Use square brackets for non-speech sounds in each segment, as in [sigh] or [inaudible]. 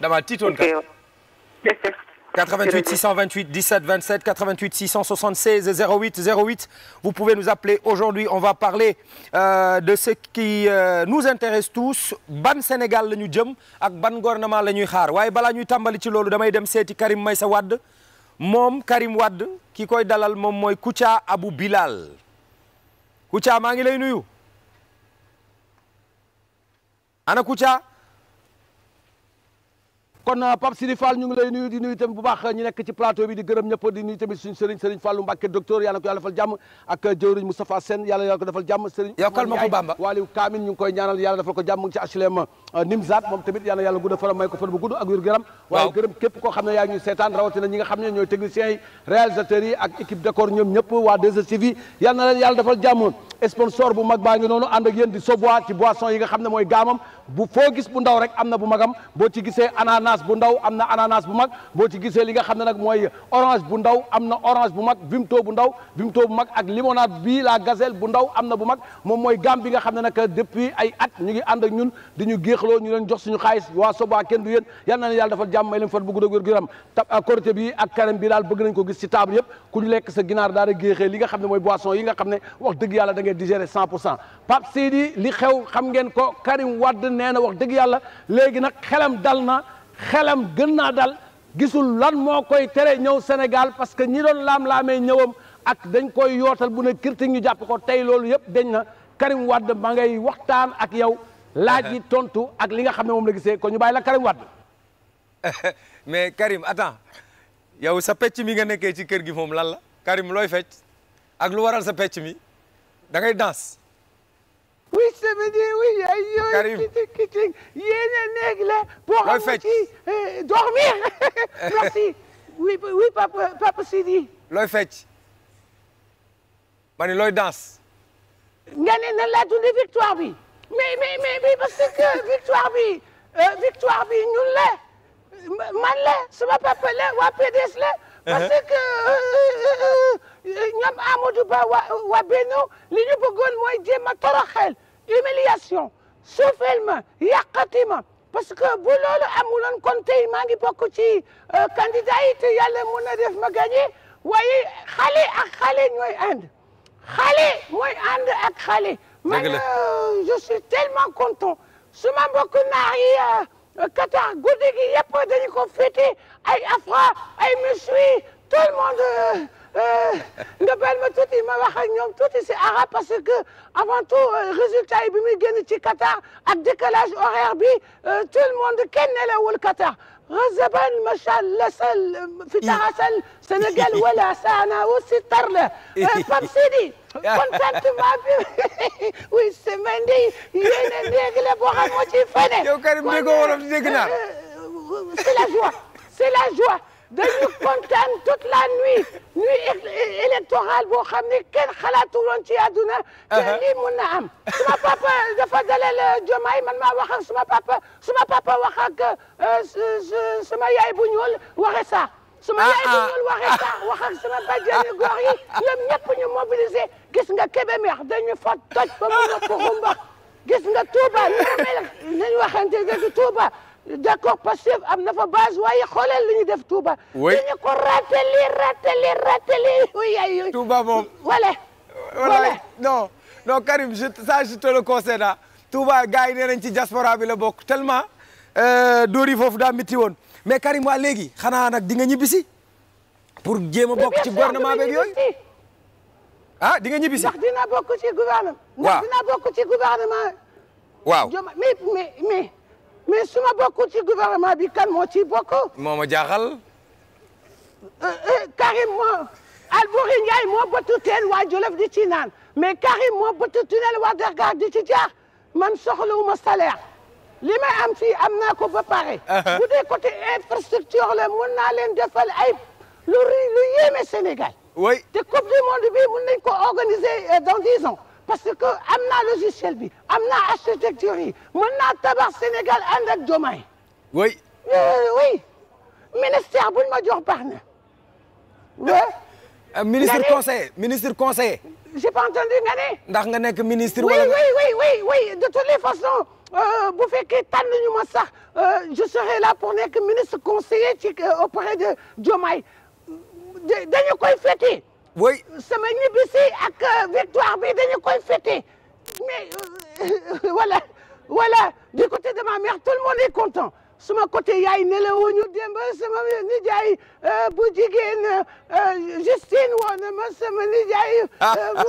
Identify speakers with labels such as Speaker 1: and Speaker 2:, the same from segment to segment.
Speaker 1: damaa tiitoon kat. 88 628 17 27 88 676 08 08 vous pouvez nous appeler aujourd'hui on va parler euh, de ce qui euh, nous intéresse tous ban Sénégal la ñu jëm ak ban gouvernement la ñuy xaar waaye balaa ñuy tàmbali ci loolu damay dem seeti Karim Meïssa Wade moom Karim Wade ki koy dalal moom mooy Kouthia Abou Bilal Kouthia maa ngi lay nuyu ana
Speaker 2: kon euh, Pape tamit bu baax euh, ñu defal jàmm ak euh, ko defal jàmm bu gudd ak wér gëram waaye gërëm képp koo xam ne yaa ñuy seetaan rawatina ñi nga xam yi réalisateurs yi ak équipe décor ñoom ñëpp waa 2STV yi na leen defal jàmm sponsor bu mag baa ngi noonu ànd ak yéen di ci boisson yi nga xam ne mooy gaamam bu foo gis bu ndaw rek am na bu magam boo ci gisee ananas bu ndaw am na ananas bu mag boo ci gisee li nga xam ne nag mooy orange bu ndaw am na orange bu mag vimto bu ndaw vimto bu mag ak limonade bi la gazelle bu ndaw am na bu mag moom mooy gamme bi nga xam ne nag depuis ay at ñu ngi ànd ak ñun di ñu géexloo ñu leen jox suñu xaalis waa Soba kenn du yéen yal na ne yàlla defal jàmm may leen fan bu gudd ak wér gu yaram ta ah, korité bi ak kanam bi daal bëgg nañ ko gis ci table yëpp ku ñu lekk sa ginaar daal di géexee li nga xam ne mooy boisson yi xam ne wax dëgg yàlla da ngay digérer cent pour cent Pape xew xam ngeen ko Karim Wade nee na wax dëgg yàlla léegi xelam dal na xelam gën naa dal gisul lan moo koy tere ñëw Sénégal parce que ñi doon laam-laamee ñëwam ak dañ koy yootal bu ne kirti ñu jàpp ko tey loolu yëpp dañ na Karim wàdd ma ngay waxtaan ak yow laaj yi tontu ak li nga xam ne moom la gisee ko ñu bàyyi la Karim Wade
Speaker 1: [laughs] mais Karim attends yow sa pecc mi nga nekkee ci kër gi moom lan la Karim looy fecc ak lu waral sa pecc mi da ngay danse oui samedi oui ay yooyu kiting kiting yéen a nekk la
Speaker 3: euh, dormir [laughs] merci oui oui papa papa Sidi
Speaker 1: looy fecc ma ne looy danse
Speaker 3: nga ne nan laa victoire bi mais mais mais parce que victoire bi euh, victoire bi ñun la man la sama papa la waa PDS la uh-huh. parce que euh, ñoom Amadou Ba wa waa li ñu bëggoon mooy jéem a toroxel humiliation suufeel ma yàqati ma parce que bu loolu amuloon kon tey maa ngi bokk ci euh, candidat yi te yàlla mun na def ma gagné waaye xale ak xale ñooy ànd xale mooy ànd ak xale man euh, je suis tellement content su ma mbokk naar yi euh, Qatar guddi gi yëpp dañu ko féete ay afra ay misui tout le monde Euh, nga baal ma tuuti ma wax ñoom tuuti si arabe parce que avant tout euh, résultat yi bi muy génn ci Qatar ak décalage horaire bi euh, tout le monde kenn nelawul Qatar غزبان مشى لسل في تعسل سنقال ولا سانا وستر له فمسيدي كنت ما في والسمندي يانا نقلب وغنوتي فنان يا كريم نيقو ورا نيقنا سي لا جوا سي لا جوا hôpital boo xam ni kenn ci àdduna te papa dafa dalal euh, Diomaye man maa wax ak suma papa suma papa wax ak euh, suma yaay bu ñuul waxe sax suma yaay bu ah, ah. ñuul waxe sax wax ak suma bajjani [laughs] gox yi ñoom ñëpp ñu gis nga Kébémer dañu fa toj ba mu nga ko gis nga Touba ñu mel nañ waxante dëgg Touba d'accord Pastef am na fa base waaye xoolal lu ñu def Touba. oui dañu ko ratali ratali ratali.
Speaker 1: oui Touba moom voilà. Karim je ça je te le conseille ah. Touba gars yi nee nañ ci diaspora bi la bokk tellement euh, dóor yi foofu daa métti woon mais Karim waa léegi xanaa nag di nga ñibbisi pour jéem a bokk ci gouvernement beeg yooyu. ah di nga ñibbisi ndax dina ci gouvernement. waaw ndax
Speaker 3: dina ci gouvernement. waaw mais mais su ma bokkul ci gouvernement bi kan moo ci bokk.
Speaker 1: moo ma jaaxal.
Speaker 3: Euh, euh, Karim moo Alboury Ndiaye moo bëtt teen waa Jolof di ci naan mais Karim moo bëtt tunnel waa Dakar di ci jaar man soxlawuma salaire li may am fii am naa ko ba pare. Uh-huh. bu dee côté infrastructure la mun naa leen defal ay lu lu yéeme Sénégal. oui te coupe du monde bi mun nañ ko organiser euh, dans dix parce que am naa logiciel bi am naa architecture yi mën naa tabax Sénégal ànd ak Diomaye.
Speaker 1: oui. Eh
Speaker 3: oui ministère buñ ma jox baax na.
Speaker 1: Euh, ministre conseiller j'ai pas entendu nga ne. ndax nga nekk ministre. wala oui
Speaker 3: oui oui de
Speaker 1: toutes les façons. Euh, bu fekkee tànn ñu ma sax euh, je serai là
Speaker 3: pour nekk ministre conseiller ci auprès de Diomaye dañu koy fêter. woy sama ñibbisi ak euh, victoire bi dañu koy fêter mais euh, [laughs] voilà voilà du côté de ma mère tout le monde est content suma côté yaay ne la woñu démb sama nijaay euh, bu jigéen Justine woo na ma sama nijaay bu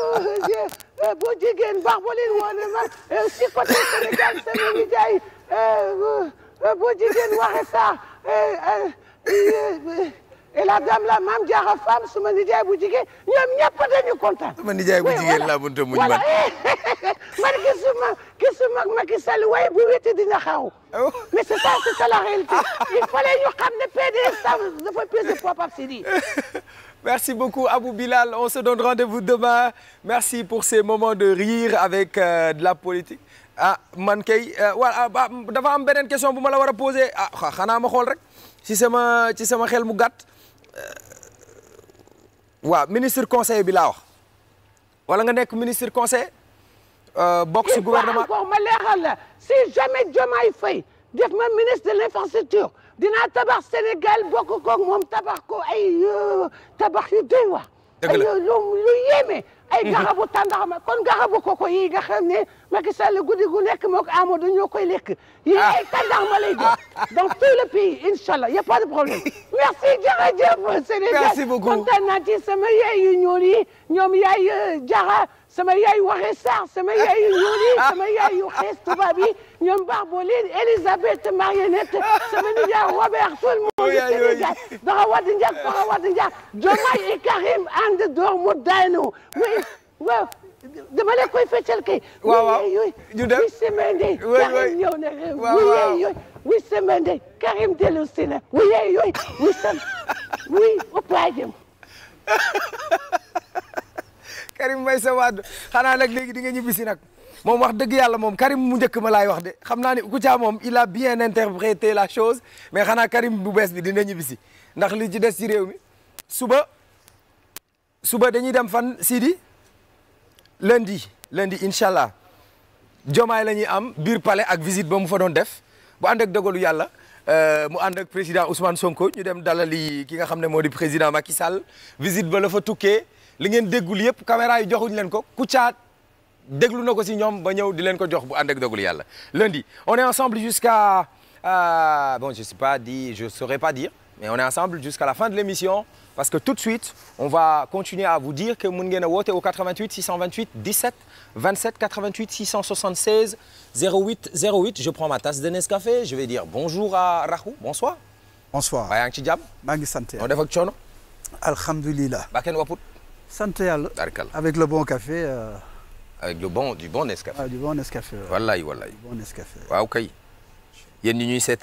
Speaker 3: bu jigéen Barboline woo na ma si côté Sénégal sama nijaay bu jigéen waxe sax et la dame la maam Diarra Fam suma nijaay bu jigéen ñoom ñëpp dañu kontaan. suma nijaay bu jigéen laa bunte muñ man [laughs] man gisuma gisuma Macky Sall waaye bu wéte dina xaw. Oh. mais c'est ça c'est la réalité [laughs] il fallait ñu xam ne PDS dafa
Speaker 1: [laughs] Merci beaucoup Abou Bilal on se donne rendez-vous demain merci pour ces moments de rire avec euh, de la politique ah man kay wa euh, ah, dafa am beneen question bu ma la war a poser ah xanaa ma xool rek ci sama ci sama xel mu gàtt. Euh, waaw ministre conseil bi laa wax wala nga nekk ministre conseil euh, bokk si eh, gouvernement encore
Speaker 3: ma leexal la si jamais Diomaye Faye def ma ministre de l'infrastructure dinaa tabax Sénégal bokk koog moom tabax ko ay euh, tabax yu doy wax ay lu yéeme ay mhm. garabu tàndarma kon garabu koko yi nga xam ne Macky Sall guddi gu nekk moog Amadou ñoo koy lekk. yi ah. ay tàndarma lay def [laughs] donc tout le pays inchallah y a pas de problème [laughs] merci jërëjëf Sénégal merci beaucoup kontaan naa yu ñuul yi ñoom jara euh, sama waxe sax sama yu ñuul yi yu xees tubaab yi ñoom Barboline Elisabeth Marionnette sama nijaay Robert tout le monde oh, Sénégal daxa wadd njak daxa wadd njak Diomaye Karim ànd door mu waaw dama la koy feccal kay. waaw waaw ñu dem wii semaine de. Karim ñëw na réew. waaw waaw wii yooyu wii semaine de Karim
Speaker 1: dellu si na. wii yooyu wii sam wii opaajam. Karim may sa waat xanaa nag léegi di nga ñibbisi nag. moom wax dëgg yàlla moom Karim mu njëkk ma laay wax de xam naa ni Kouthia moom il a bien interprété la chose mais xanaa Karim bu bees bi dina ñibbisi ndax li ci des ci réew mi suba suba dañuy dem fan Sidi. lundi lundi incha allah jomaay la ñuy am biir pale ak visite ba mu fa doon def bu ànd ak dogalu yàlla euh, mu ànd ak président Ousmane Sonko ñu dem dalali ki nga xam ne moo di président Macky Sall visite ba la fa tukkee li ngeen déggul yëpp caméra yi joxuñ leen ko ku caat déglu na ko si ñoom ba ñëw di leen ko jox bu ànd ak yàlla lundi on est ensemble jusqu'à euh, bon je sais pas di je saurais pas dire mais on est ensemble jusqu'à la fin de l'émission parce que tout de suite on va continuer à vous dire que mën ngeen a woote au 88 628 17 27 88 676 08 08 maa ngi sant yàlla noo def ak coono. sant yàlla. avec le le euh, bon du bon Nescafé. ah du bon Nescafé. wallaay wallaay. du bon Nescafé. waaw kay yéen ñi ñuy mën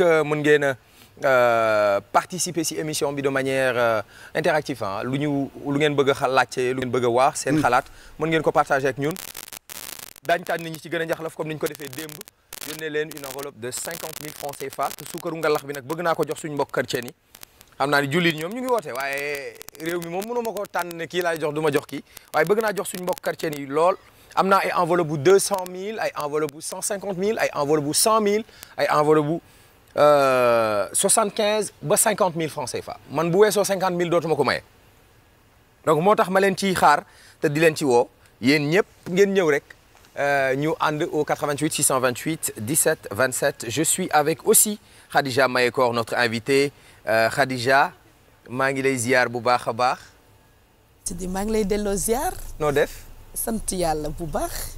Speaker 1: euh, ngeen Euh, participer si émission bi de manière euh, interactive ah lu ñu lu ngeen bëgg a laajte lu ngeen bëgg waax seen mm. xalaat mën ngeen ko partager ak ñun daañu tànn nit ci gën a njaxlaf comme ni ñu ko defee démb yónnee leen une enveloppe de cinquante mille francs CFA te ngalax bi nag bëgg naa ko jox suñu mbokk chrétien yi xam naa ni jullit ñoom ñu ngi woote waaye réew mi moom mënuma ko tànn ne kii laay jox duma ma jox kii waaye bëgg naa jox suñu mbokk chrétien yi lool am naa ay enveloppe bu deux cent mille ay enveloppe bu cent cinquante mille ay enveloppe bu cent mille bu Euh, soixante quinze ba cinquante mille francs fa man bu weesoo cinquante mille dootuma ko maye donc moo tax ma leen ciy xaar te di leen ci woo yéen ñëpp ngeen ñëw rek euh, ñu ànd au 88 628 17 27 je suis avec aussi Khadija Mayekor notre invité euh, Khadija maa ngi lay ziar bu baax a baax. di maa ngi lay dello ziar. noo def. sant yàlla bu baax.